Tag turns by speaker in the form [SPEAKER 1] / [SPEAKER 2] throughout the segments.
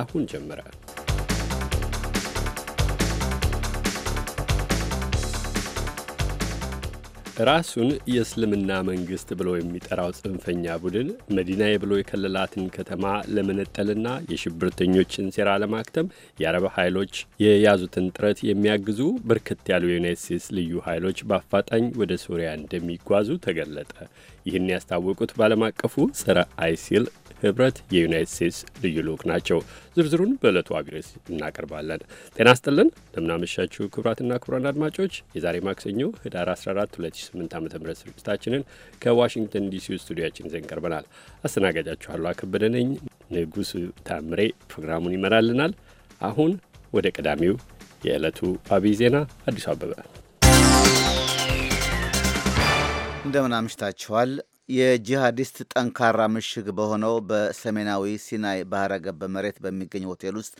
[SPEAKER 1] አሁን ጀመረ። ራሱን የእስልምና መንግሥት ብሎ የሚጠራው ጽንፈኛ ቡድን መዲናዬ ብሎ የከለላትን ከተማ ለመነጠልና የሽብርተኞችን ሴራ ለማክተም የአረብ ኃይሎች የያዙትን ጥረት የሚያግዙ በርከት ያሉ የዩናይት ስቴትስ ልዩ ኃይሎች በአፋጣኝ ወደ ሶሪያ እንደሚጓዙ ተገለጠ። ይህን ያስታወቁት በዓለም አቀፉ ጸረ አይሲል ህብረት የዩናይት ስቴትስ ልዩ ልዑክ ናቸው። ዝርዝሩን በዕለቱ አቢሬስ እናቀርባለን። ጤና ስጥልን፣ እንደምናመሻችሁ ክቡራትና ክቡራን አድማጮች የዛሬ ማክሰኞ ህዳር 14 2008 ዓ ም ስርጭታችንን ከዋሽንግተን ዲሲ ስቱዲያችን ይዘን ቀርበናል። አስተናጋጃችኋሉ ከበደ ነኝ። ንጉሱ ታምሬ ፕሮግራሙን ይመራልናል። አሁን ወደ ቀዳሚው የዕለቱ አብይ ዜና አዲሱ አበበ
[SPEAKER 2] እንደምን አምሽታችኋል። የጂሃዲስት ጠንካራ ምሽግ በሆነው በሰሜናዊ ሲናይ ባህረ ገብ መሬት በሚገኝ ሆቴል ውስጥ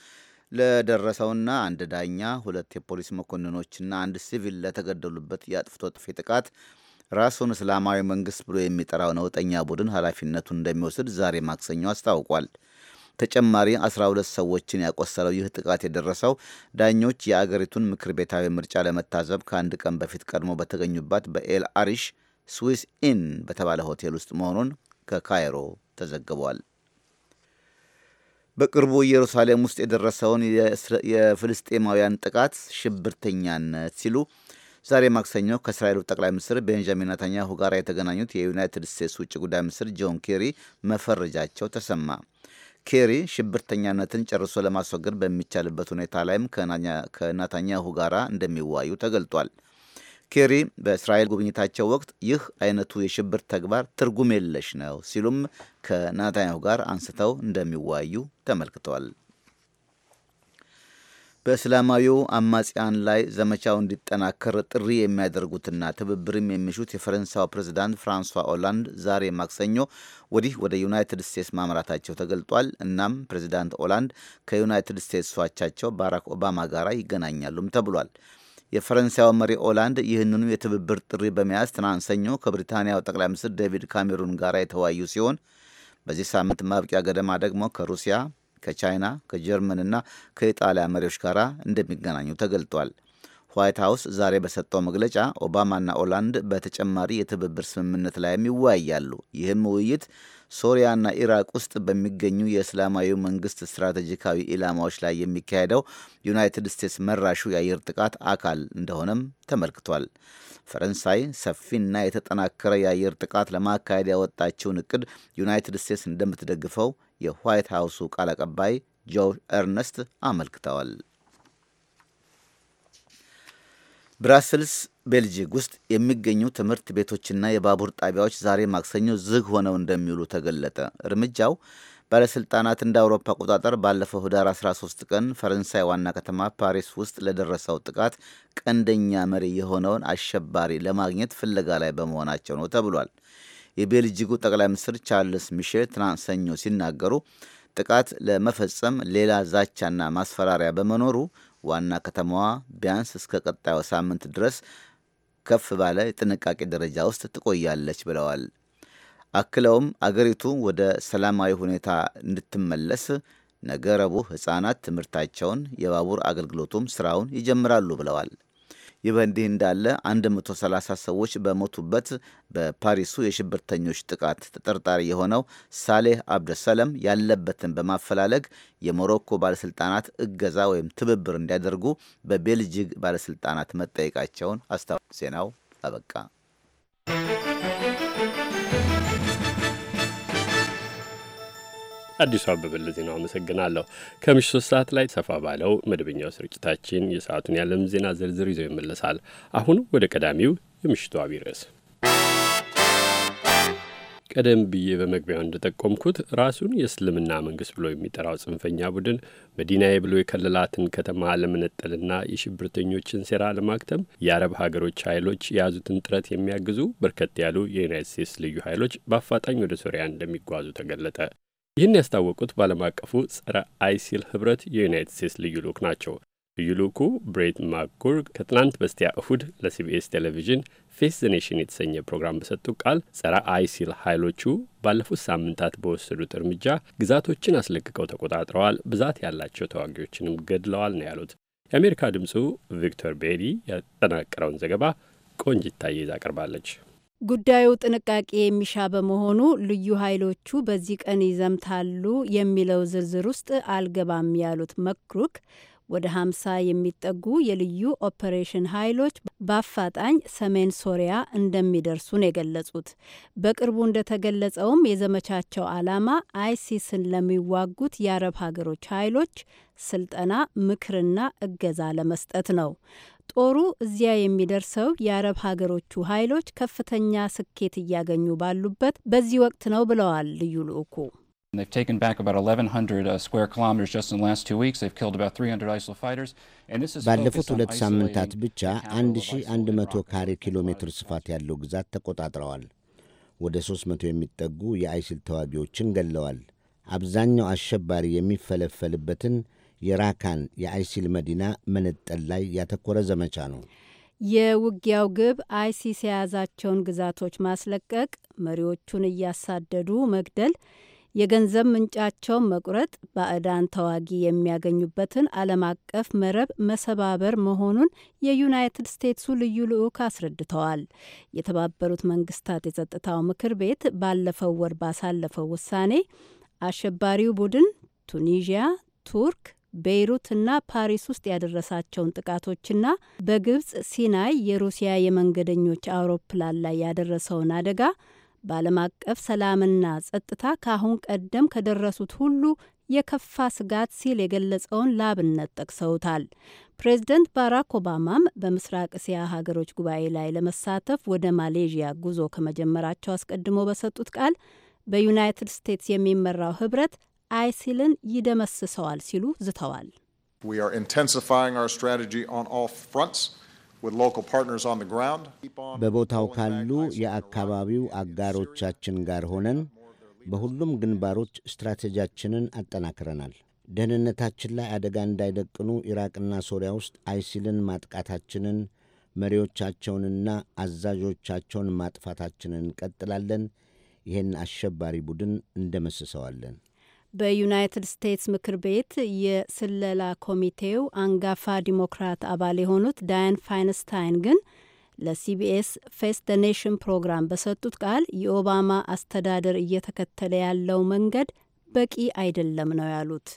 [SPEAKER 2] ለደረሰውና አንድ ዳኛ፣ ሁለት የፖሊስ መኮንኖችና አንድ ሲቪል ለተገደሉበት የአጥፍቶ ጥፊ ጥቃት ራሱን እስላማዊ መንግስት ብሎ የሚጠራው ነውጠኛ ቡድን ኃላፊነቱን እንደሚወስድ ዛሬ ማክሰኞ አስታውቋል። ተጨማሪ 12 ሰዎችን ያቆሰለው ይህ ጥቃት የደረሰው ዳኞች የአገሪቱን ምክር ቤታዊ ምርጫ ለመታዘብ ከአንድ ቀን በፊት ቀድሞ በተገኙባት በኤል አሪሽ ስዊስ ኢን በተባለ ሆቴል ውስጥ መሆኑን ከካይሮ ተዘግቧል። በቅርቡ ኢየሩሳሌም ውስጥ የደረሰውን የፍልስጤማውያን ጥቃት ሽብርተኛነት ሲሉ ዛሬ ማክሰኞ ከእስራኤሉ ጠቅላይ ሚኒስትር ቤንጃሚን ነታንያሁ ጋር የተገናኙት የዩናይትድ ስቴትስ ውጭ ጉዳይ ሚኒስትር ጆን ኬሪ መፈረጃቸው ተሰማ። ኬሪ ሽብርተኛነትን ጨርሶ ለማስወገድ በሚቻልበት ሁኔታ ላይም ከናታንያሁ ጋር እንደሚዋዩ ተገልጧል። ኬሪ በእስራኤል ጉብኝታቸው ወቅት ይህ አይነቱ የሽብር ተግባር ትርጉም የለሽ ነው ሲሉም ከናታንያሁ ጋር አንስተው እንደሚወያዩ ተመልክቷል። በእስላማዊው አማጽያን ላይ ዘመቻው እንዲጠናከር ጥሪ የሚያደርጉትና ትብብርም የሚሹት የፈረንሳው ፕሬዚዳንት ፍራንሷ ኦላንድ ዛሬ ማክሰኞ ወዲህ ወደ ዩናይትድ ስቴትስ ማምራታቸው ተገልጧል። እናም ፕሬዚዳንት ኦላንድ ከዩናይትድ ስቴትስ ሷቻቸው ባራክ ኦባማ ጋር ይገናኛሉም ተብሏል። የፈረንሳዩ መሪ ኦላንድ ይህንኑ የትብብር ጥሪ በመያዝ ትናንት ሰኞ ከብሪታንያው ጠቅላይ ሚኒስትር ዴቪድ ካሜሩን ጋር የተወያዩ ሲሆን በዚህ ሳምንት ማብቂያ ገደማ ደግሞ ከሩሲያ፣ ከቻይና፣ ከጀርመንና ከኢጣሊያ መሪዎች ጋር እንደሚገናኙ ተገልጧል። ዋይት ሀውስ ዛሬ በሰጠው መግለጫ ኦባማና ኦላንድ በተጨማሪ የትብብር ስምምነት ላይም ይወያያሉ። ይህም ውይይት ሶሪያና ኢራቅ ውስጥ በሚገኙ የእስላማዊ መንግስት ስትራቴጂካዊ ኢላማዎች ላይ የሚካሄደው ዩናይትድ ስቴትስ መራሹ የአየር ጥቃት አካል እንደሆነም ተመልክቷል። ፈረንሳይ ሰፊና የተጠናከረ የአየር ጥቃት ለማካሄድ ያወጣችውን እቅድ ዩናይትድ ስቴትስ እንደምትደግፈው የዋይት ሃውሱ ቃል አቀባይ ጆ ኤርነስት አመልክተዋል። ብራስልስ ቤልጂክ ውስጥ የሚገኙ ትምህርት ቤቶችና የባቡር ጣቢያዎች ዛሬ ማክሰኞ ዝግ ሆነው እንደሚውሉ ተገለጠ። እርምጃው ባለሥልጣናት እንደ አውሮፓ አቆጣጠር ባለፈው ህዳር 13 ቀን ፈረንሳይ ዋና ከተማ ፓሪስ ውስጥ ለደረሰው ጥቃት ቀንደኛ መሪ የሆነውን አሸባሪ ለማግኘት ፍለጋ ላይ በመሆናቸው ነው ተብሏል። የቤልጂጉ ጠቅላይ ሚኒስትር ቻርልስ ሚሼል ትናንት ሰኞ ሲናገሩ ጥቃት ለመፈጸም ሌላ ዛቻና ማስፈራሪያ በመኖሩ ዋና ከተማዋ ቢያንስ እስከ ቀጣዩ ሳምንት ድረስ ከፍ ባለ የጥንቃቄ ደረጃ ውስጥ ትቆያለች ብለዋል። አክለውም አገሪቱ ወደ ሰላማዊ ሁኔታ እንድትመለስ ነገ ረቡዕ ሕፃናት ትምህርታቸውን የባቡር አገልግሎቱም ስራውን ይጀምራሉ ብለዋል። ይህ በእንዲህ እንዳለ 130 ሰዎች በሞቱበት በፓሪሱ የሽብርተኞች ጥቃት ተጠርጣሪ የሆነው ሳሌህ አብደሰለም ያለበትን በማፈላለግ የሞሮኮ ባለስልጣናት እገዛ ወይም ትብብር እንዲያደርጉ በቤልጅግ ባለስልጣናት መጠየቃቸውን አስታወቁ። ዜናው አበቃ።
[SPEAKER 1] አዲሱ አበበ ለዜናው አመሰግናለሁ። ከምሽቱ ሶስት ሰዓት ላይ ሰፋ ባለው መደበኛው ስርጭታችን የሰዓቱን የዓለም ዜና ዝርዝር ይዘው ይመለሳል። አሁን ወደ ቀዳሚው የምሽቱ አብይ ርዕስ ቀደም ብዬ በመግቢያው እንደጠቆምኩት ራሱን የእስልምና መንግስት ብሎ የሚጠራው ጽንፈኛ ቡድን መዲናዬ ብሎ የከለላትን ከተማ ለመነጠልና የሽብርተኞችን ሴራ ለማክተም የአረብ ሀገሮች ኃይሎች የያዙትን ጥረት የሚያግዙ በርከት ያሉ የዩናይት ስቴትስ ልዩ ኃይሎች በአፋጣኝ ወደ ሶሪያ እንደሚጓዙ ተገለጠ። ይህን ያስታወቁት በዓለም አቀፉ ጸረ አይሲል ህብረት የዩናይትድ ስቴትስ ልዩ ልዑክ ናቸው። ልዩ ልዑኩ ብሬት ማክጉርግ ከትናንት በስቲያ እሁድ ለሲቢኤስ ቴሌቪዥን ፌስ ዘ ኔሽን የተሰኘ ፕሮግራም በሰጡ ቃል ጸረ አይሲል ኃይሎቹ ባለፉት ሳምንታት በወሰዱት እርምጃ ግዛቶችን አስለቅቀው ተቆጣጥረዋል፣ ብዛት ያላቸው ተዋጊዎችንም ገድለዋል ነው ያሉት። የአሜሪካ ድምፁ ቪክቶር ቤሪ ያጠናቀረውን ዘገባ ቆንጅታ ይዛ ቀርባለች።
[SPEAKER 3] ጉዳዩ ጥንቃቄ የሚሻ በመሆኑ ልዩ ኃይሎቹ በዚህ ቀን ይዘምታሉ የሚለው ዝርዝር ውስጥ አልገባም ያሉት መክሩክ ወደ ሀምሳ የሚጠጉ የልዩ ኦፐሬሽን ኃይሎች በአፋጣኝ ሰሜን ሶሪያ እንደሚደርሱ ነው የገለጹት። በቅርቡ እንደተገለጸውም የዘመቻቸው ዓላማ አይሲስን ለሚዋጉት የአረብ ሀገሮች ኃይሎች ስልጠና፣ ምክርና እገዛ ለመስጠት ነው። ጦሩ እዚያ የሚደርሰው የአረብ ሀገሮቹ ኃይሎች ከፍተኛ ስኬት እያገኙ ባሉበት በዚህ ወቅት ነው ብለዋል ልዩ ልዑኩ። uh,
[SPEAKER 1] ባለፉት ሁለት ሳምንታት
[SPEAKER 4] ብቻ 1100 ካሬ ኪሎ ሜትር ስፋት ያለው ግዛት ተቆጣጥረዋል። ወደ 300 የሚጠጉ የአይሲል ተዋጊዎችን ገለዋል። አብዛኛው አሸባሪ የሚፈለፈልበትን የራካን የአይሲል መዲና መነጠል ላይ ያተኮረ ዘመቻ ነው።
[SPEAKER 3] የውጊያው ግብ አይሲስ የያዛቸውን ግዛቶች ማስለቀቅ፣ መሪዎቹን እያሳደዱ መግደል፣ የገንዘብ ምንጫቸውን መቁረጥ፣ ባዕዳን ተዋጊ የሚያገኙበትን ዓለም አቀፍ መረብ መሰባበር መሆኑን የዩናይትድ ስቴትሱ ልዩ ልዑክ አስረድተዋል። የተባበሩት መንግስታት የጸጥታው ምክር ቤት ባለፈው ወር ባሳለፈው ውሳኔ አሸባሪው ቡድን ቱኒዥያ፣ ቱርክ፣ ቤይሩትና ፓሪስ ውስጥ ያደረሳቸውን ጥቃቶችና በግብጽ ሲናይ የሩሲያ የመንገደኞች አውሮፕላን ላይ ያደረሰውን አደጋ በዓለም አቀፍ ሰላምና ጸጥታ ከአሁን ቀደም ከደረሱት ሁሉ የከፋ ስጋት ሲል የገለጸውን ላብነት ጠቅሰውታል። ፕሬዝደንት ባራክ ኦባማም በምስራቅ እስያ ሀገሮች ጉባኤ ላይ ለመሳተፍ ወደ ማሌዥያ ጉዞ ከመጀመራቸው አስቀድሞ በሰጡት ቃል በዩናይትድ ስቴትስ የሚመራው ህብረት አይሲልን ይደመስሰዋል ሲሉ
[SPEAKER 2] ዝተዋል።
[SPEAKER 4] በቦታው ካሉ የአካባቢው አጋሮቻችን ጋር ሆነን በሁሉም ግንባሮች ስትራቴጂያችንን አጠናክረናል። ደህንነታችን ላይ አደጋ እንዳይደቅኑ ኢራቅና ሶሪያ ውስጥ አይሲልን ማጥቃታችንን፣ መሪዎቻቸውንና አዛዦቻቸውን ማጥፋታችንን እንቀጥላለን። ይህን አሸባሪ ቡድን እንደመስሰዋለን።
[SPEAKER 3] በዩናይትድ ስቴትስ ምክር ቤት የስለላ ኮሚቴው አንጋፋ ዲሞክራት አባል የሆኑት ዳያን ፋይንስታይን ግን ለሲቢኤስ ፌስ ደ ኔሽን ፕሮግራም በሰጡት ቃል የኦባማ አስተዳደር እየተከተለ ያለው መንገድ በቂ አይደለም ነው ያሉት።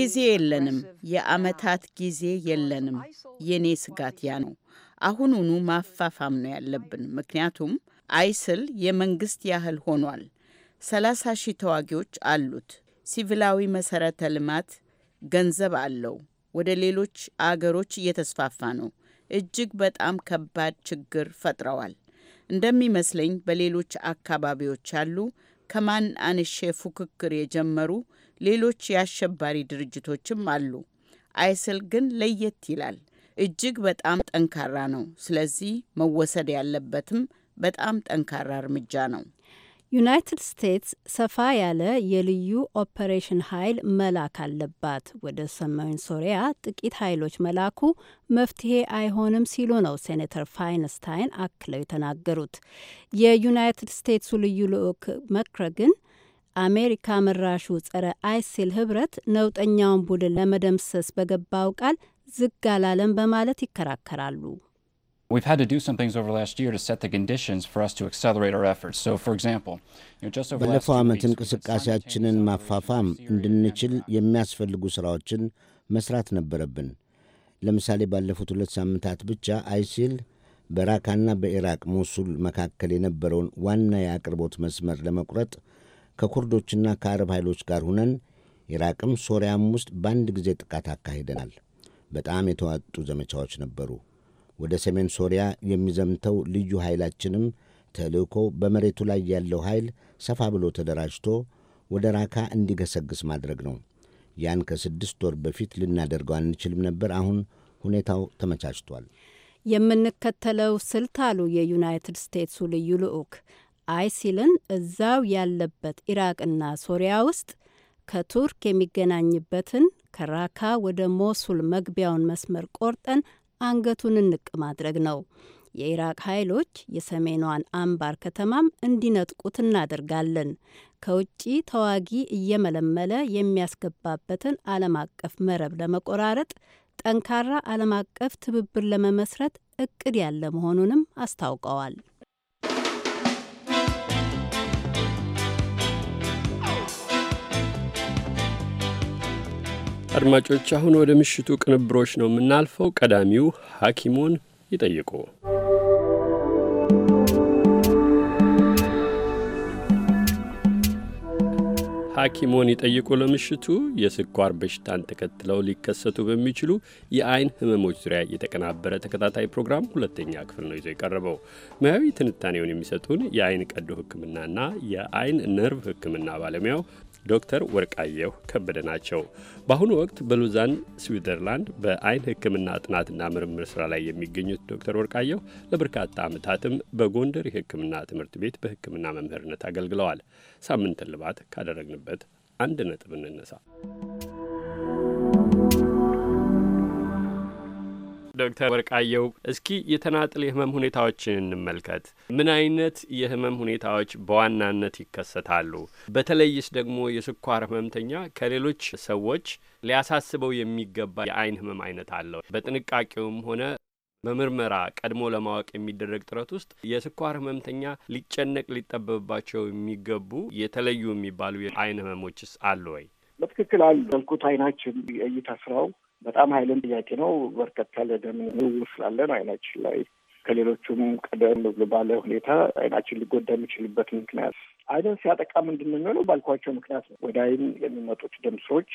[SPEAKER 2] ጊዜ የለንም፣ የአመታት ጊዜ የለንም። የእኔ ስጋት ያ ነው። አሁኑኑ ማፋፋም ነው ያለብን። ምክንያቱም አይስል የመንግስት ያህል ሆኗል። 30 ሺህ ተዋጊዎች አሉት። ሲቪላዊ መሰረተ ልማት፣ ገንዘብ አለው። ወደ ሌሎች አገሮች እየተስፋፋ ነው። እጅግ በጣም ከባድ ችግር ፈጥረዋል። እንደሚመስለኝ በሌሎች አካባቢዎች አሉ ከማን አንሼ ፉክክር የጀመሩ ሌሎች የአሸባሪ ድርጅቶችም አሉ። አይስል ግን ለየት ይላል። እጅግ በጣም ጠንካራ ነው። ስለዚህ መወሰድ ያለበትም በጣም ጠንካራ እርምጃ ነው።
[SPEAKER 3] ዩናይትድ ስቴትስ ሰፋ ያለ የልዩ ኦፐሬሽን ኃይል መላክ አለባት። ወደ ሰሜን ሶሪያ ጥቂት ኃይሎች መላኩ መፍትሄ አይሆንም ሲሉ ነው ሴኔተር ፋይንስታይን አክለው የተናገሩት። የዩናይትድ ስቴትሱ ልዩ ልዑክ መክረ ግን አሜሪካ መራሹ ጸረ አይሲል ህብረት ነውጠኛውን ቡድን ለመደምሰስ በገባው ቃል ዝግ አላለም በማለት ይከራከራሉ።
[SPEAKER 1] ባለፈው ዓመት
[SPEAKER 4] እንቅስቃሴያችንን ማፋፋም እንድንችል የሚያስፈልጉ ሥራዎችን መስራት ነበረብን። ለምሳሌ ባለፉት ሁለት ሳምንታት ብቻ አይሲል በራካና በኢራቅ ሞሱል መካከል የነበረውን ዋና የአቅርቦት መስመር ለመቁረጥ ከኩርዶችና ከአረብ ኃይሎች ጋር ሁነን ኢራቅም ሶሪያም ውስጥ በአንድ ጊዜ ጥቃት አካሂደናል። በጣም የተዋጡ ዘመቻዎች ነበሩ። ወደ ሰሜን ሶሪያ የሚዘምተው ልዩ ኃይላችንም ተልእኮ በመሬቱ ላይ ያለው ኃይል ሰፋ ብሎ ተደራጅቶ ወደ ራካ እንዲገሰግስ ማድረግ ነው። ያን ከስድስት ወር በፊት ልናደርገው አንችልም ነበር። አሁን ሁኔታው ተመቻችቷል።
[SPEAKER 3] የምንከተለው ስልት አሉ የዩናይትድ ስቴትሱ ልዩ ልዑክ አይሲልን እዛው ያለበት ኢራቅና ሶሪያ ውስጥ ከቱርክ የሚገናኝበትን ከራካ ወደ ሞሱል መግቢያውን መስመር ቆርጠን አንገቱን እንቅ ማድረግ ነው። የኢራቅ ኃይሎች የሰሜኗን አምባር ከተማም እንዲነጥቁት እናደርጋለን። ከውጭ ተዋጊ እየመለመለ የሚያስገባበትን ዓለም አቀፍ መረብ ለመቆራረጥ ጠንካራ ዓለም አቀፍ ትብብር ለመመስረት እቅድ ያለ መሆኑንም አስታውቀዋል።
[SPEAKER 1] አድማጮች አሁን ወደ ምሽቱ ቅንብሮች ነው የምናልፈው። ቀዳሚው ሐኪሙን ይጠይቁ ሐኪሞን ይጠይቁ ለምሽቱ የስኳር በሽታን ተከትለው ሊከሰቱ በሚችሉ የአይን ህመሞች ዙሪያ የተቀናበረ ተከታታይ ፕሮግራም ሁለተኛ ክፍል ነው ይዞ የቀረበው። ሙያዊ ትንታኔውን የሚሰጡን የአይን ቀዶ ህክምናና የአይን ነርቭ ህክምና ባለሙያው ዶክተር ወርቃየሁ ከበደ ናቸው። በአሁኑ ወቅት በሉዛን ስዊዘርላንድ በአይን ህክምና ጥናትና ምርምር ስራ ላይ የሚገኙት ዶክተር ወርቃየሁ ለበርካታ ዓመታትም በጎንደር የህክምና ትምህርት ቤት በህክምና መምህርነት አገልግለዋል። ሳምንት እልባት ካደረግንበት ካለበት አንድ ነጥብ እንነሳ። ዶክተር ወርቃየው እስኪ የተናጥል የህመም ሁኔታዎችን እንመልከት። ምን አይነት የህመም ሁኔታዎች በዋናነት ይከሰታሉ? በተለይስ ደግሞ የስኳር ህመምተኛ ከሌሎች ሰዎች ሊያሳስበው የሚገባ የአይን ህመም አይነት አለው? በጥንቃቄውም ሆነ በምርመራ ቀድሞ ለማወቅ የሚደረግ ጥረት ውስጥ የስኳር ህመምተኛ ሊጨነቅ ሊጠበብባቸው የሚገቡ የተለዩ የሚባሉ የአይን ህመሞችስ አሉ ወይ?
[SPEAKER 5] በትክክል አሉ። ያልኩት አይናችን እይታ ስራው በጣም ሀይልን ጥያቄ ነው። በርከት ያለ ደም ዝውውር ስላለን አይናችን ላይ ከሌሎቹም ቀደም ብሎ ባለ ሁኔታ አይናችን ሊጎዳ የሚችልበት ምክንያት አይንን ሲያጠቃ ምንድን ነው ባልኳቸው ምክንያት ነው። ወደ አይን የሚመጡት ደም ስሮች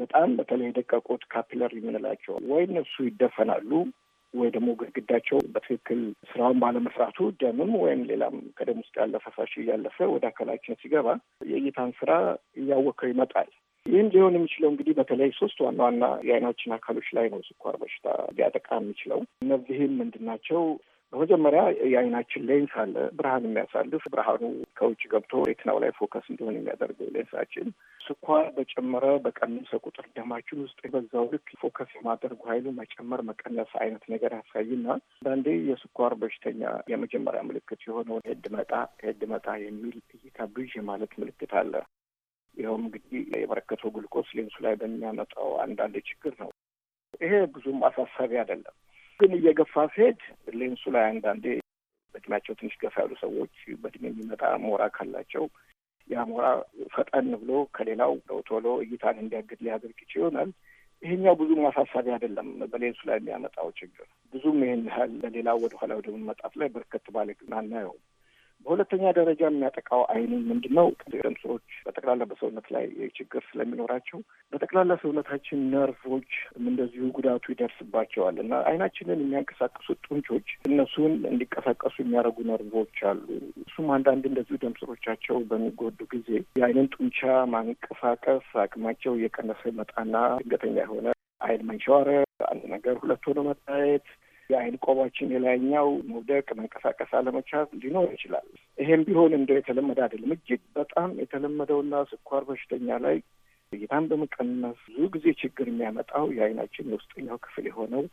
[SPEAKER 5] በጣም በተለይ የደቀቁት ካፒለር የምንላቸው ወይ እነሱ ይደፈናሉ ወይ ደግሞ ግድግዳቸው በትክክል ስራውን ባለመስራቱ ደምም ወይም ሌላም ከደም ውስጥ ያለ ፈሳሽ እያለፈ ወደ አካላችን ሲገባ የእይታን ስራ እያወከው ይመጣል። ይህም ሊሆን የሚችለው እንግዲህ በተለይ ሶስት ዋና ዋና የአይናችን አካሎች ላይ ነው ስኳር በሽታ ሊያጠቃ የሚችለው። እነዚህም ምንድን ናቸው? በመጀመሪያ የአይናችን ሌንስ አለ፣ ብርሃን የሚያሳልፍ ብርሃኑ ከውጭ ገብቶ ሬትናው ላይ ፎከስ እንዲሆን የሚያደርገው ሌንሳችን ስኳር በጨመረ በቀነሰ ቁጥር ደማችን ውስጥ በዛው ልክ ፎከስ የማደርጉ ኃይሉ መጨመር መቀነስ አይነት ነገር ያሳይና አንዳንዴ የስኳር በሽተኛ የመጀመሪያ ምልክት የሆነውን ሄድ መጣ ሄድ መጣ የሚል እይታ ብዥ ማለት ምልክት አለ። ይኸውም እንግዲህ የበረከተው ጉልቆስ ሌንሱ ላይ በሚያመጣው አንዳንድ ችግር ነው። ይሄ ብዙም አሳሳቢ አይደለም። ግን እየገፋ ሲሄድ ሌንሱ ላይ አንዳንዴ በእድሜያቸው ትንሽ ገፋ ያሉ ሰዎች በእድሜ የሚመጣ ሞራ ካላቸው ያ ሞራ ፈጠን ብሎ ከሌላው ቶሎ እይታን እንዲያግድ ሊያደርግ ይችል ይሆናል። ይሄኛው ብዙም አሳሳቢ አይደለም። በሌንሱ ላይ የሚያመጣው ችግር ብዙም ይህን ያህል ለሌላው ወደኋላ ወደ መመጣት ላይ በርከት ባለ ግን አናየውም። በሁለተኛ ደረጃ የሚያጠቃው አይንን ምንድን ነው? ደም ሰዎች በጠቅላላ በሰውነት ላይ ችግር ስለሚኖራቸው በጠቅላላ ሰውነታችን ነርቮች እንደዚሁ ጉዳቱ ይደርስባቸዋል እና አይናችንን የሚያንቀሳቀሱ ጡንቾች እነሱን እንዲቀሳቀሱ የሚያደርጉ ነርቮች አሉ። እሱም አንዳንድ እንደዚሁ ደም ስሮቻቸው በሚጎዱ ጊዜ የአይንን ጡንቻ ማንቀሳቀስ አቅማቸው እየቀነሰ መጣና ድንገተኛ የሆነ አይን መንሸዋረ አንድ ነገር ሁለት ሆኖ መታየት የአይን ቆባችን የላይኛው መውደቅ፣ መንቀሳቀስ አለመቻት ሊኖር ይችላል። ይሄም ቢሆን እንደው የተለመደ አይደለም። እጅግ በጣም የተለመደውና ስኳር በሽተኛ ላይ እይታን በመቀነስ ብዙ ጊዜ ችግር የሚያመጣው የአይናችን የውስጠኛው ክፍል የሆነው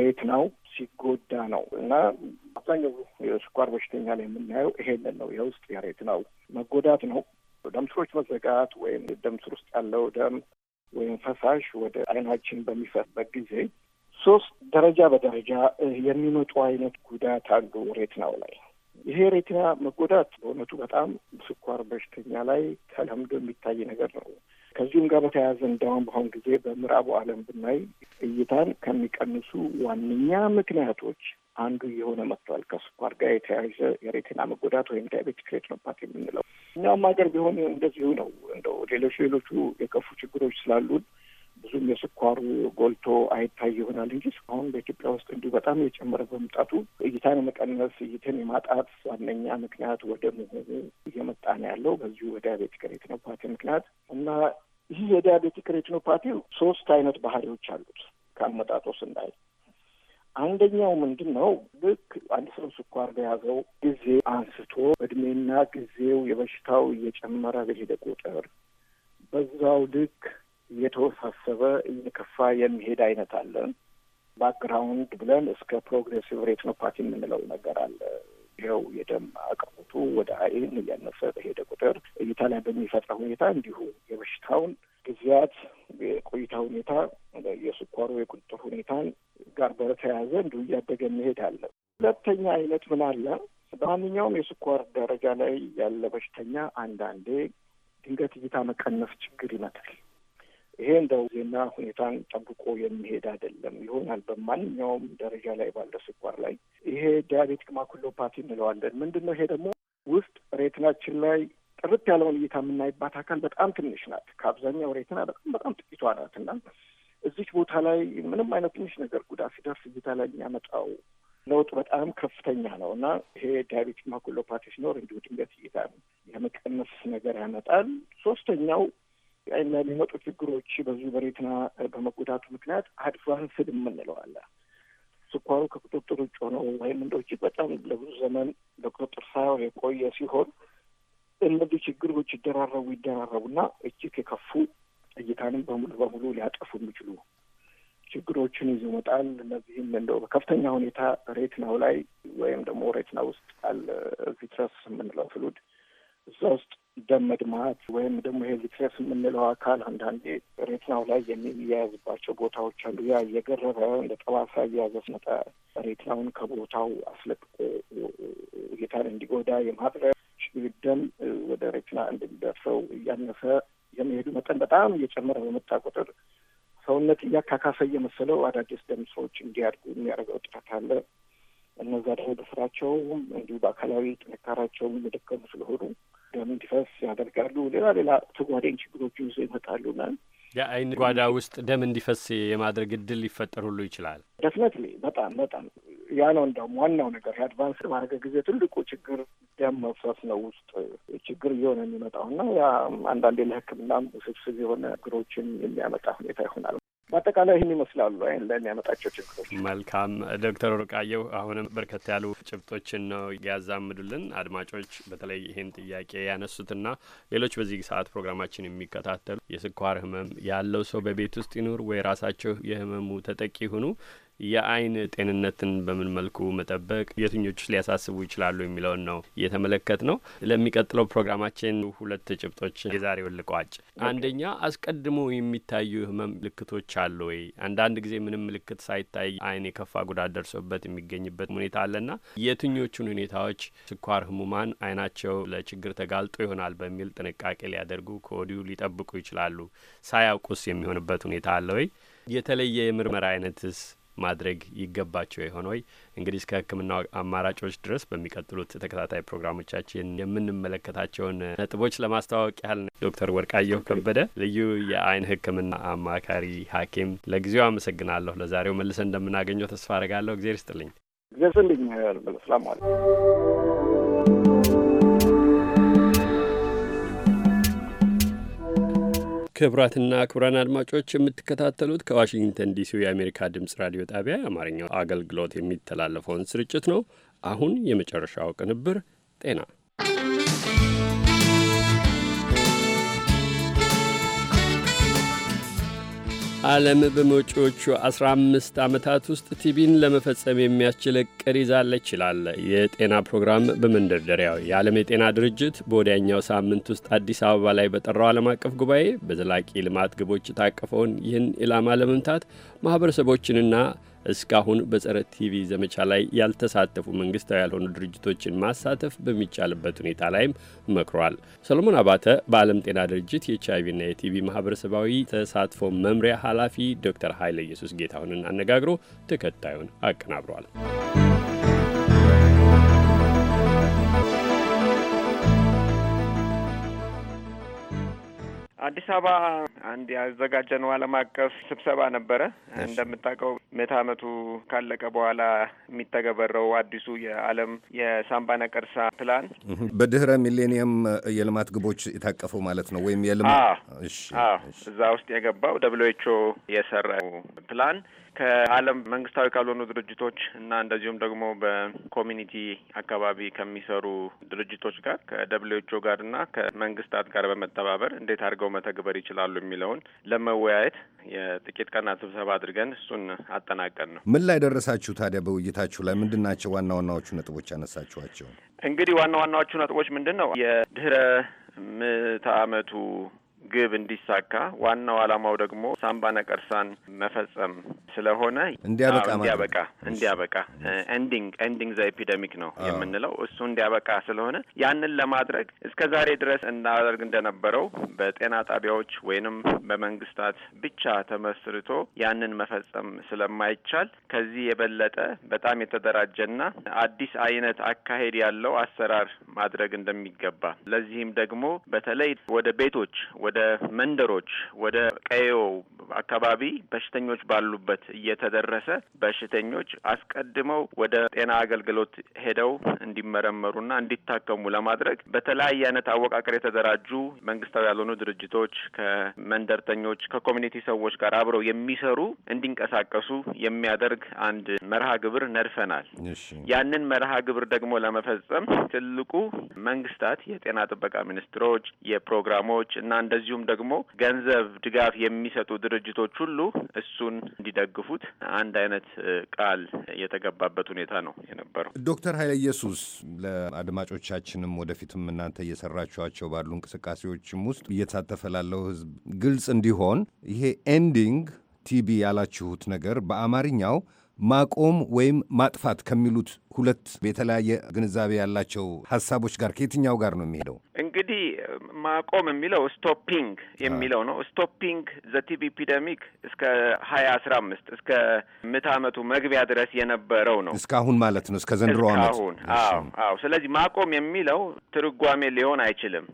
[SPEAKER 5] ሬት ነው ሲጎዳ ነው እና አብዛኛው የስኳር በሽተኛ ላይ የምናየው ይሄንን ነው። የውስጥ የሬት ነው መጎዳት ነው። ደም ስሮች መዘጋት ወይም ደም ስር ውስጥ ያለው ደም ወይም ፈሳሽ ወደ አይናችን በሚፈስበት ጊዜ ሶስት ደረጃ በደረጃ የሚመጡ አይነት ጉዳት አሉ ሬትናው ላይ። ይሄ ሬትና መጎዳት በእውነቱ በጣም ስኳር በሽተኛ ላይ ተለምዶ የሚታይ ነገር ነው። ከዚሁም ጋር በተያያዘ እንደውም በአሁን ጊዜ በምዕራቡ ዓለም ብናይ እይታን ከሚቀንሱ ዋነኛ ምክንያቶች አንዱ የሆነ መጥቷል። ከስኳር ጋር የተያያዘ የሬቲና መጎዳት ወይም ዳያቤቲክ ሬቲኖፓቲ የምንለው እኛውም ሀገር ቢሆን እንደዚሁ ነው። እንደው ሌሎች ሌሎቹ የከፉ ችግሮች ስላሉን ብዙም የስኳሩ ጎልቶ አይታይ ይሆናል እንጂ እስካሁን በኢትዮጵያ ውስጥ እንዲሁ በጣም የጨመረ በመምጣቱ እይታን የመቀነስ እይትን የማጣት ዋነኛ ምክንያት ወደ መሆኑ እየመጣ ነው ያለው በዚሁ የዲያቤቲክ ሬቲኖፓቲ ምክንያት እና ይህ የዲያቤቲክ ሬቲኖፓቲ ሶስት አይነት ባህሪዎች አሉት ከአመጣጦ ስናይ አንደኛው ምንድን ነው? ልክ አንድ ሰው ስኳር በያዘው ጊዜ አንስቶ እድሜና ጊዜው የበሽታው እየጨመረ በሄደ ቁጥር በዛው ልክ እየተወሳሰበ እየከፋ የሚሄድ አይነት አለ። ባክግራውንድ ብለን እስከ ፕሮግሬሲቭ ሬቲኖፓቲ የምንለው ነገር አለ። ይኸው የደም አቅርቦቱ ወደ አይን እያነሰ በሄደ ቁጥር እይታ ላይ በሚፈጥረው ሁኔታ እንዲሁ የበሽታውን ጊዜያት የቆይታ ሁኔታ የስኳሩ የቁጥጥር ሁኔታን ጋር በተያያዘ እንዲሁ እያደገ መሄድ አለ። ሁለተኛ አይነት ምን አለ? በማንኛውም የስኳር ደረጃ ላይ ያለ በሽተኛ አንዳንዴ ድንገት እይታ መቀነስ ችግር ይመጣል። ይሄ እንደው ዜና ሁኔታን ጠብቆ የሚሄድ አይደለም። ይሆናል በማንኛውም ደረጃ ላይ ባለ ስኳር ላይ ይሄ ዲያቤቲክ ማኩሎፓቲ እንለዋለን። ምንድን ነው ይሄ ደግሞ ውስጥ ሬትናችን ላይ ጥርት ያለውን እይታ የምናይባት አካል በጣም ትንሽ ናት። ከአብዛኛው ሬትና በጣም በጣም ጥቂቷ ናት እና እዚች ቦታ ላይ ምንም አይነት ትንሽ ነገር ጉዳት ሲደርስ እይታ ላይ የሚያመጣው ለውጥ በጣም ከፍተኛ ነው እና ይሄ ዲያቤቲክ ማኩሎፓቲ ሲኖር እንዲሁ ድንገት እይታ የመቀነስ ነገር ያመጣል። ሶስተኛው ለሚመጡ ችግሮች በዚህ በሬትና በመጎዳቱ ምክንያት አድቫንስድ የምንለው አለ። ስኳሩ ከቁጥጥር ውጭ ሆኖ ወይም እንደ እጅግ በጣም ለብዙ ዘመን በቁጥጥር ሳይሆን የቆየ ሲሆን እነዚህ ችግሮች ይደራረቡ ይደራረቡና እጅግ የከፉ እይታንም በሙሉ በሙሉ ሊያጠፉ የሚችሉ ችግሮችን ይዞ ይመጣል። እነዚህም እንደው በከፍተኛ ሁኔታ ሬትናው ላይ ወይም ደግሞ ሬትና ውስጥ አለ ቪትረስ የምንለው ፍሉድ እዛ ውስጥ ደም መድማት ወይም ደግሞ ይሄ ሊትረስ የምንለው አካል አንዳንዴ ሬትናው ላይ የሚያያዝባቸው ቦታዎች አሉ። ያ እየገረበ እንደ ጠባሳ እየያዘ ስመጣ ሬትናውን ከቦታው አስለቅቆ እይታን እንዲጎዳ የማድረግ ደም ወደ ሬትና እንደሚደርሰው እያነሰ የመሄዱ መጠን በጣም እየጨመረ በመጣ ቁጥር ሰውነት እያካካሰ እየመሰለው አዳዲስ ደም ሰዎች እንዲያድጉ የሚያደርገው ጥረት አለ። እነዛ ደግሞ በስራቸውም እንዲሁ በአካላዊ ጥንካራቸውም የደከሙ ስለሆኑ ደም እንዲፈስ ያደርጋሉ። ሌላ ሌላ ተጓዳኝ ችግሮችን ይዞ ይመጣሉ
[SPEAKER 1] የአይን ጓዳ ውስጥ ደም እንዲፈስ የማድረግ እድል ሊፈጠር ሁሉ ይችላል።
[SPEAKER 5] ደፍነትሊ በጣም በጣም ያ ነው እንደውም ዋናው ነገር የአድቫንስ ባረገ ጊዜ ትልቁ ችግር ደም መፍሰስ ነው ውስጥ ችግር እየሆነ የሚመጣው እና ያ አንዳንዴ ለሕክምናም ውስብስብ የሆነ ችግሮችን የሚያመጣ ሁኔታ ይሆናል። በአጠቃላይ ይህን ይመስላሉ አይን ላይ የሚያመጣቸው ችግሮች።
[SPEAKER 1] መልካም ዶክተር ሩቃየሁ አሁንም በርከት ያሉ ጭብጦችን ነው ያዛምዱልን። አድማጮች በተለይ ይህን ጥያቄ ያነሱትና ሌሎች በዚህ ሰዓት ፕሮግራማችን የሚከታተሉ የስኳር ህመም ያለው ሰው በቤት ውስጥ ይኑር ወይ ራሳቸው የህመሙ ተጠቂ ሁኑ የአይን ጤንነትን በምን መልኩ መጠበቅ፣ የትኞቹ ሊያሳስቡ ይችላሉ የሚለውን ነው እየተመለከት ነው። ለሚቀጥለው ፕሮግራማችን ሁለት ጭብጦች የዛሬውን ልቋጭ። አንደኛ አስቀድሞ የሚታዩ ህመም ምልክቶች አሉ ወይ? አንዳንድ ጊዜ ምንም ምልክት ሳይታይ አይን የከፋ ጉዳት ደርሶበት የሚገኝበት ሁኔታ አለና የትኞቹን ሁኔታዎች ስኳር ህሙማን አይናቸው ለችግር ተጋልጦ ይሆናል በሚል ጥንቃቄ ሊያደርጉ ከወዲሁ ሊጠብቁ ይችላሉ? ሳያውቁስ የሚሆንበት ሁኔታ አለ ወይ? የተለየ የምርመራ አይነትስ ማድረግ ይገባቸው ይሆን ወይ? እንግዲህ እስከ ህክምና አማራጮች ድረስ በሚቀጥሉት ተከታታይ ፕሮግራሞቻችን የምንመለከታቸውን ነጥቦች ለማስተዋወቅ ያህል ዶክተር ወርቃየሁ ከበደ ልዩ የአይን ሕክምና አማካሪ ሐኪም ለጊዜው አመሰግናለሁ። ለዛሬው መልሰን እንደምናገኘው ተስፋ አረጋለሁ። እግዜር ይስጥልኝ። እግዜር ስጥልኝ። ስላም አለ ክቡራትና ክቡራን አድማጮች የምትከታተሉት ከዋሽንግተን ዲሲ የአሜሪካ ድምፅ ራዲዮ ጣቢያ የአማርኛው አገልግሎት የሚተላለፈውን ስርጭት ነው። አሁን የመጨረሻው ቅንብር ጤና ዓለም በመጪዎቹ 15 ዓመታት ውስጥ ቲቢን ለመፈጸም የሚያስችል እቅድ ይዛለች ይላል የጤና ፕሮግራም በመንደርደሪያው። የዓለም የጤና ድርጅት በወዲያኛው ሳምንት ውስጥ አዲስ አበባ ላይ በጠራው ዓለም አቀፍ ጉባኤ በዘላቂ ልማት ግቦች የታቀፈውን ይህን ኢላማ ለመምታት ማኅበረሰቦችንና እስካሁን በጸረ ቲቪ ዘመቻ ላይ ያልተሳተፉ መንግስታዊ ያልሆኑ ድርጅቶችን ማሳተፍ በሚቻልበት ሁኔታ ላይም መክሯል። ሰሎሞን አባተ በዓለም ጤና ድርጅት የኤች አይቪና የቲቪ ማህበረሰባዊ ተሳትፎ መምሪያ ኃላፊ ዶክተር ኃይለ ኢየሱስ ጌታሁንን አነጋግሮ ተከታዩን አቀናብሯል።
[SPEAKER 6] አዲስ አበባ አንድ ያዘጋጀነው ዓለም አቀፍ ስብሰባ ነበረ። እንደምታውቀው ምዕተ ዓመቱ ካለቀ በኋላ የሚተገበረው አዲሱ የዓለም የሳምባ ነቀርሳ ፕላን
[SPEAKER 7] በድህረ ሚሌኒየም የልማት ግቦች የታቀፈው ማለት ነው ወይም የልማ
[SPEAKER 6] እዛ ውስጥ የገባው ደብሊው ኤች ኦ የሰራው ፕላን ከዓለም መንግስታዊ ካልሆኑ ድርጅቶች እና እንደዚሁም ደግሞ በኮሚኒቲ አካባቢ ከሚሰሩ ድርጅቶች ጋር ከደብሊውኤችኦ ጋር እና ከመንግስታት ጋር በመተባበር እንዴት አድርገው መተግበር ይችላሉ የሚለውን ለመወያየት የጥቂት ቀናት ስብሰባ አድርገን እሱን አጠናቀን ነው።
[SPEAKER 7] ምን ላይ ደረሳችሁ ታዲያ? በውይይታችሁ ላይ ምንድን ናቸው ዋና ዋናዎቹ ነጥቦች ያነሳችኋቸው?
[SPEAKER 6] እንግዲህ ዋና ዋናዎቹ ነጥቦች ምንድን ነው የድህረ ምዕተ ዓመቱ ግብ እንዲሳካ ዋናው ዓላማው ደግሞ ሳምባ ነቀርሳን መፈጸም ስለሆነ እንዲያበቃ እንዲያበቃ እንዲያበቃ ኤንዲንግ ኤንዲንግ ዘ ኤፒደሚክ ነው የምንለው እሱ እንዲያበቃ ስለሆነ ያንን ለማድረግ እስከ ዛሬ ድረስ እናደርግ እንደነበረው በጤና ጣቢያዎች ወይንም በመንግስታት ብቻ ተመስርቶ ያንን መፈጸም ስለማይቻል ከዚህ የበለጠ በጣም የተደራጀና አዲስ አይነት አካሄድ ያለው አሰራር ማድረግ እንደሚገባ ለዚህም ደግሞ በተለይ ወደ ቤቶች ወደ መንደሮች፣ ወደ ቀዮ አካባቢ በሽተኞች ባሉበት እየተደረሰ በሽተኞች አስቀድመው ወደ ጤና አገልግሎት ሄደው እንዲመረመሩና እንዲታከሙ ለማድረግ በተለያየ አይነት አወቃቀር የተደራጁ መንግስታዊ ያልሆኑ ድርጅቶች ከመንደርተኞች ከኮሚኒቲ ሰዎች ጋር አብረው የሚሰሩ እንዲንቀሳቀሱ የሚያደርግ አንድ መርሃ ግብር ነድፈናል። ያንን መርሃ ግብር ደግሞ ለመፈጸም ትልቁ መንግስታት የጤና ጥበቃ ሚኒስትሮች የፕሮግራሞች እና እንደ እንደዚሁም ደግሞ ገንዘብ ድጋፍ የሚሰጡ ድርጅቶች ሁሉ እሱን እንዲደግፉት አንድ አይነት ቃል የተገባበት ሁኔታ ነው የነበረው።
[SPEAKER 7] ዶክተር ኃይለ ኢየሱስ ለአድማጮቻችንም ወደፊትም እናንተ እየሰራችኋቸው ባሉ እንቅስቃሴዎችም ውስጥ እየተሳተፈ ላለው ግልጽ እንዲሆን ይሄ ኤንዲንግ ቲቢ ያላችሁት ነገር በአማርኛው ማቆም ወይም ማጥፋት ከሚሉት ሁለት የተለያየ ግንዛቤ ያላቸው ሀሳቦች ጋር ከየትኛው ጋር ነው የሚሄደው?
[SPEAKER 6] እንግዲህ ማቆም የሚለው ስቶፒንግ የሚለው ነው። ስቶፒንግ ዘቲቭ ኢፒደሚክ እስከ ሀያ አስራ አምስት እስከ ምት ዓመቱ መግቢያ ድረስ የነበረው ነው
[SPEAKER 7] እስካሁን ማለት ነው እስከ ዘንድሮ ዓመት።
[SPEAKER 6] አዎ አዎ። ስለዚህ ማቆም የሚለው ትርጓሜ ሊሆን አይችልም።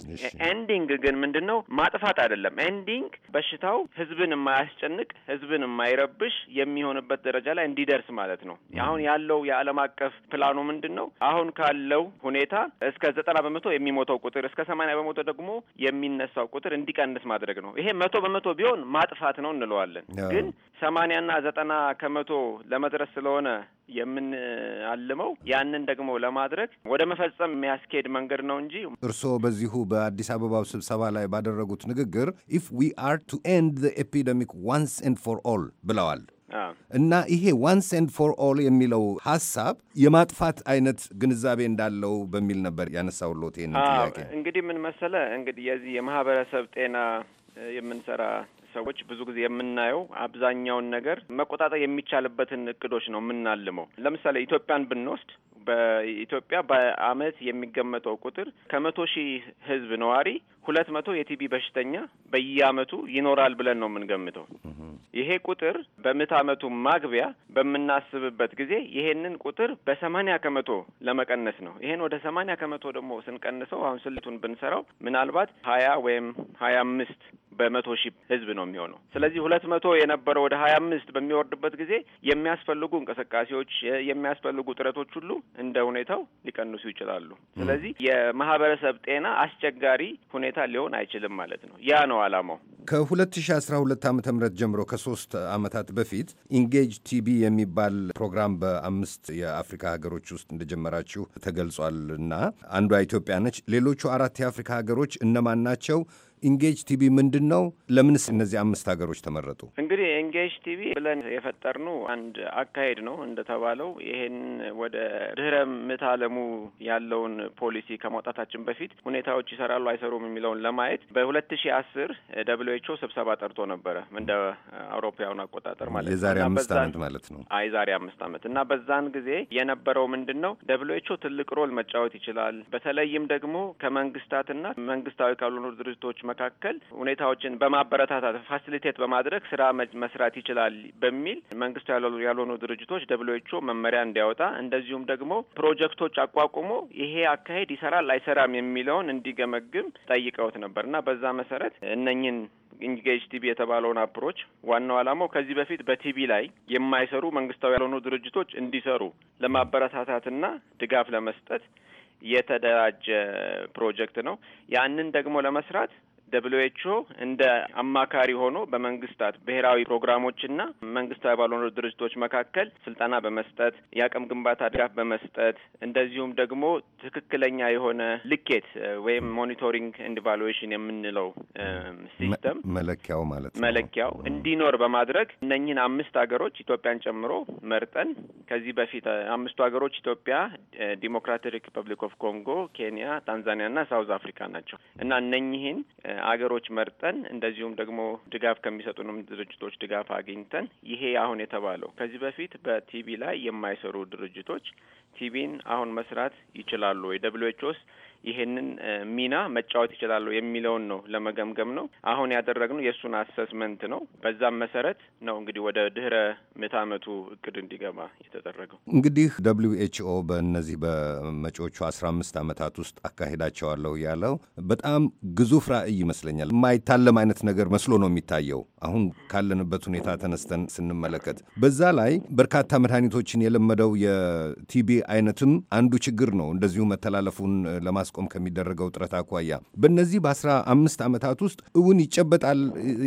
[SPEAKER 6] ኤንዲንግ ግን ምንድን ነው? ማጥፋት አይደለም። ኤንዲንግ በሽታው ህዝብን የማያስጨንቅ ህዝብን የማይረብሽ የሚሆንበት ደረጃ ላይ እንዲደርስ ማለት ነው። አሁን ያለው የዓለም አቀፍ ፕላኑ ምንድን ነው? አሁን ካለው ሁኔታ እስከ ዘጠና በመቶ የሚሞተው ቁጥር እስከ ሰማንያ በመቶ ደግሞ የሚነሳው ቁጥር እንዲቀንስ ማድረግ ነው። ይሄ መቶ በመቶ ቢሆን ማጥፋት ነው እንለዋለን። ግን ሰማንያና ዘጠና ከመቶ ለመድረስ ስለሆነ የምንአልመው ያንን ደግሞ ለማድረግ ወደ መፈጸም የሚያስኬድ መንገድ ነው እንጂ
[SPEAKER 7] እርስዎ በዚሁ በአዲስ አበባው ስብሰባ ላይ ባደረጉት ንግግር ኢፍ ዊ አር ቱ ኤንድ ኤፒደሚክ ዋንስ ኤንድ ፎር ኦል ብለዋል። እና ይሄ ዋንስ ኤንድ ፎር ኦል የሚለው ሀሳብ የማጥፋት አይነት ግንዛቤ እንዳለው በሚል ነበር ያነሳውሎት ይህን ጥያቄ።
[SPEAKER 6] እንግዲህ ምን መሰለ እንግዲህ የዚህ የማህበረሰብ ጤና የምንሰራ ሰዎች ብዙ ጊዜ የምናየው አብዛኛውን ነገር መቆጣጠር የሚቻልበትን እቅዶች ነው የምናልመው። ለምሳሌ ኢትዮጵያን ብንወስድ በኢትዮጵያ በአመት የሚገመተው ቁጥር ከመቶ ሺህ ህዝብ ነዋሪ ሁለት መቶ የቲቢ በሽተኛ በየአመቱ ይኖራል ብለን ነው የምንገምተው። ይሄ ቁጥር በምት ዓመቱ ማግቢያ በምናስብበት ጊዜ ይሄንን ቁጥር በሰማኒያ ከመቶ ለመቀነስ ነው። ይሄን ወደ ሰማኒያ ከመቶ ደግሞ ስንቀንሰው አሁን ስልቱን ብንሰራው ምናልባት ሀያ ወይም ሀያ አምስት በመቶ ሺህ ህዝብ ነው የሚሆነው። ስለዚህ ሁለት መቶ የነበረው ወደ ሀያ አምስት በሚወርድበት ጊዜ የሚያስፈልጉ እንቅስቃሴዎች የሚያስፈልጉ ጥረቶች ሁሉ እንደ ሁኔታው ሊቀንሱ ይችላሉ። ስለዚህ የማህበረሰብ ጤና አስቸጋሪ ሁኔታ ሊሆን አይችልም ማለት ነው። ያ ነው ዓላማው።
[SPEAKER 7] ከ2012 ዓ ም ጀምሮ ከሶስት ዓመታት በፊት ኢንጌጅ ቲቢ የሚባል ፕሮግራም በአምስት የአፍሪካ ሀገሮች ውስጥ እንደጀመራችሁ ተገልጿል እና አንዷ ኢትዮጵያ ነች። ሌሎቹ አራት የአፍሪካ ሀገሮች እነማን ናቸው? ኢንጌጅ ቲቪ ምንድን ነው? ለምንስ እነዚህ አምስት ሀገሮች ተመረጡ?
[SPEAKER 6] እንግዲህ ኢንጌጅ ቲቪ ብለን የፈጠርነው አንድ አካሄድ ነው። እንደተባለው ይሄን ወደ ድህረ ምዕተ ዓለሙ ያለውን ፖሊሲ ከማውጣታችን በፊት ሁኔታዎች ይሰራሉ አይሰሩም የሚለውን ለማየት በሁለት ሺ አስር ደብሊው ኤች ኦ ስብሰባ ጠርቶ ነበረ እንደ አውሮፓውያኑ አቆጣጠር ማለት ነው። የዛሬ አምስት ዓመት ማለት ነው። አይ ዛሬ አምስት አመት እና በዛን ጊዜ የነበረው ምንድን ነው ደብሊው ኤች ኦ ትልቅ ሮል መጫወት ይችላል። በተለይም ደግሞ ከመንግስታትና መንግስታዊ ካልሆኑ ድርጅቶች መካከል ሁኔታዎችን በማበረታታት ፋሲሊቴት በማድረግ ስራ መስራት ይችላል በሚል መንግስት ያልሆኑ ድርጅቶች ደብሎችዎ መመሪያ እንዲያወጣ እንደዚሁም ደግሞ ፕሮጀክቶች አቋቁሞ ይሄ አካሄድ ይሰራል አይሰራም የሚለውን እንዲገመግም ጠይቀውት ነበር እና በዛ መሰረት እነኝን ኢንጌጅ ቲቪ የተባለውን አፕሮች ዋናው ዓላማው ከዚህ በፊት በቲቪ ላይ የማይሰሩ መንግስታዊ ያልሆኑ ድርጅቶች እንዲሰሩ ለማበረታታትና ድጋፍ ለመስጠት የተደራጀ ፕሮጀክት ነው። ያንን ደግሞ ለመስራት ደብሊው ኤችኦ እንደ አማካሪ ሆኖ በመንግስታት ብሔራዊ ፕሮግራሞችና መንግስታዊ ባልሆኑ ድርጅቶች መካከል ስልጠና በመስጠት የአቅም ግንባታ ድጋፍ በመስጠት እንደዚሁም ደግሞ ትክክለኛ የሆነ ልኬት ወይም ሞኒቶሪንግ ኤንድ ኢቫሉዌሽን የምንለው ሲስተም
[SPEAKER 7] መለኪያው ማለት ነው መለኪያው
[SPEAKER 6] እንዲኖር በማድረግ እነኝህን አምስት ሀገሮች ኢትዮጵያን ጨምሮ መርጠን ከዚህ በፊት አምስቱ ሀገሮች ኢትዮጵያ፣ ዲሞክራቲክ ሪፐብሊክ ኦፍ ኮንጎ፣ ኬንያ፣ ታንዛኒያ እና ሳውዝ አፍሪካ ናቸው እና እነኝህን አገሮች መርጠን እንደዚሁም ደግሞ ድጋፍ ከሚሰጡንም ድርጅቶች ድጋፍ አግኝተን ይሄ አሁን የተባለው ከዚህ በፊት በቲቪ ላይ የማይሰሩ ድርጅቶች ቲቪን አሁን መስራት ይችላሉ ወይ? ደብሊው ኤች ይሄንን ሚና መጫወት ይችላሉ የሚለውን ነው ለመገምገም ነው። አሁን ያደረግነው የእሱን አሰስመንት ነው። በዛም መሰረት ነው እንግዲህ ወደ ድህረ ምዕተ ዓመቱ እቅድ እንዲገባ የተደረገው።
[SPEAKER 1] እንግዲህ
[SPEAKER 7] ደብሊው ኤች ኦ በእነዚህ በመጪዎቹ አስራ አምስት ዓመታት ውስጥ አካሄዳቸዋለሁ ያለው በጣም ግዙፍ ራዕይ ይመስለኛል። የማይታለም አይነት ነገር መስሎ ነው የሚታየው አሁን ካለንበት ሁኔታ ተነስተን ስንመለከት። በዛ ላይ በርካታ መድኃኒቶችን የለመደው የቲቢ አይነትም አንዱ ችግር ነው እንደዚሁ መተላለፉን ለማ ለማስቆም ከሚደረገው ጥረት አኳያ በእነዚህ በአስራ አምስት ዓመታት ውስጥ እውን ይጨበጣል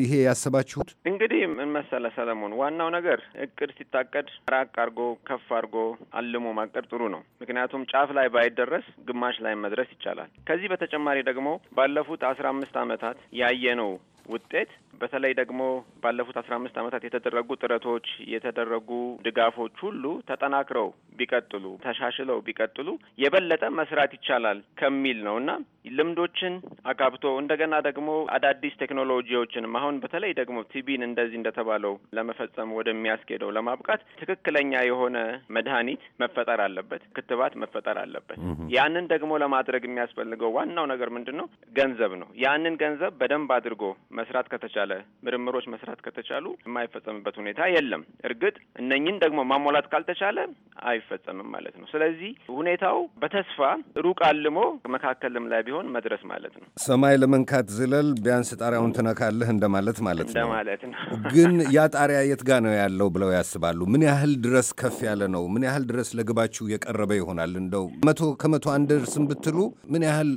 [SPEAKER 7] ይሄ ያሰባችሁት?
[SPEAKER 6] እንግዲህ ምን መሰለ ሰለሞን፣ ዋናው ነገር እቅድ ሲታቀድ ራቅ አድርጎ ከፍ አድርጎ አልሞ ማቀድ ጥሩ ነው። ምክንያቱም ጫፍ ላይ ባይደረስ ግማሽ ላይ መድረስ ይቻላል። ከዚህ በተጨማሪ ደግሞ ባለፉት አስራ አምስት ዓመታት ያየነው ውጤት በተለይ ደግሞ ባለፉት አስራ አምስት ዓመታት የተደረጉ ጥረቶች የተደረጉ ድጋፎች ሁሉ ተጠናክረው ቢቀጥሉ ተሻሽለው ቢቀጥሉ የበለጠ መስራት ይቻላል ከሚል ነው እና ልምዶችን አካብቶ እንደገና ደግሞ አዳዲስ ቴክኖሎጂዎችንም አሁን በተለይ ደግሞ ቲቢን እንደዚህ እንደተባለው ለመፈጸም ወደሚያስኬደው ለማብቃት ትክክለኛ የሆነ መድኃኒት መፈጠር አለበት፣ ክትባት መፈጠር አለበት። ያንን ደግሞ ለማድረግ የሚያስፈልገው ዋናው ነገር ምንድን ነው? ገንዘብ ነው። ያንን ገንዘብ በደንብ አድርጎ መስራት ከተቻለ፣ ምርምሮች መስራት ከተቻሉ የማይፈጸምበት ሁኔታ የለም። እርግጥ እነኝን ደግሞ ማሟላት ካልተቻለ አይፈጸምም ማለት ነው። ስለዚህ ሁኔታው በተስፋ ሩቅ አልሞ መካከልም ላይ ቢሆን መድረስ ማለት ነው።
[SPEAKER 7] ሰማይ ለመንካት ዝለል ቢያንስ ጣሪያውን ትነካለህ እንደማለት ማለት ነው
[SPEAKER 6] ማለት
[SPEAKER 5] ነው።
[SPEAKER 7] ግን ያ ጣሪያ የት ጋ ነው ያለው ብለው ያስባሉ? ምን ያህል ድረስ ከፍ ያለ ነው? ምን ያህል ድረስ ለግባችሁ የቀረበ ይሆናል? እንደው መቶ ከመቶ አንደርስም ብትሉ ምን ያህል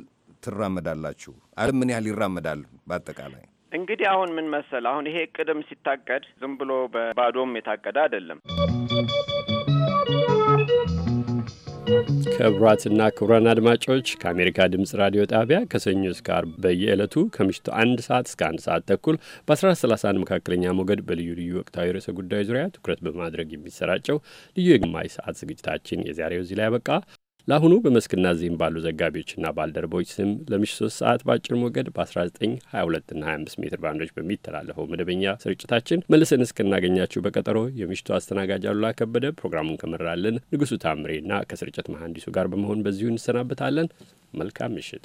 [SPEAKER 7] ትራመዳላችሁ? ዓለም ምን ያህል ይራመዳል? በአጠቃላይ
[SPEAKER 6] እንግዲህ አሁን ምን መሰል አሁን ይሄ ቅደም ሲታቀድ ዝም ብሎ በባዶም የታቀደ አይደለም።
[SPEAKER 1] ክቡራትና ክቡራን አድማጮች ከአሜሪካ ድምጽ ራዲዮ ጣቢያ ከሰኞ እስከ ዓርብ በየዕለቱ ከምሽቱ አንድ ሰዓት እስከ አንድ ሰዓት ተኩል በ 1131 መካከለኛ ሞገድ በልዩ ልዩ ወቅታዊ ርዕሰ ጉዳይ ዙሪያ ትኩረት በማድረግ የሚሰራጨው ልዩ የግማሽ ሰዓት ዝግጅታችን የዛሬው እዚህ ላይ ያበቃ። ለአሁኑ በመስክና ዚህም ባሉ ዘጋቢዎችና ባልደረቦች ስም ለምሽ ሶስት ሰዓት በአጭር ሞገድ በ 1922 25 ሜትር ባንዶች በሚተላለፈው መደበኛ ስርጭታችን መልሰን እስክናገኛችሁ በቀጠሮ የምሽቱ አስተናጋጅ አሉላ ከበደ ፕሮግራሙን ከመራልን ንጉሱ ታምሬና ከስርጭት መሐንዲሱ ጋር በመሆን በዚሁ እንሰናበታለን። መልካም ምሽት።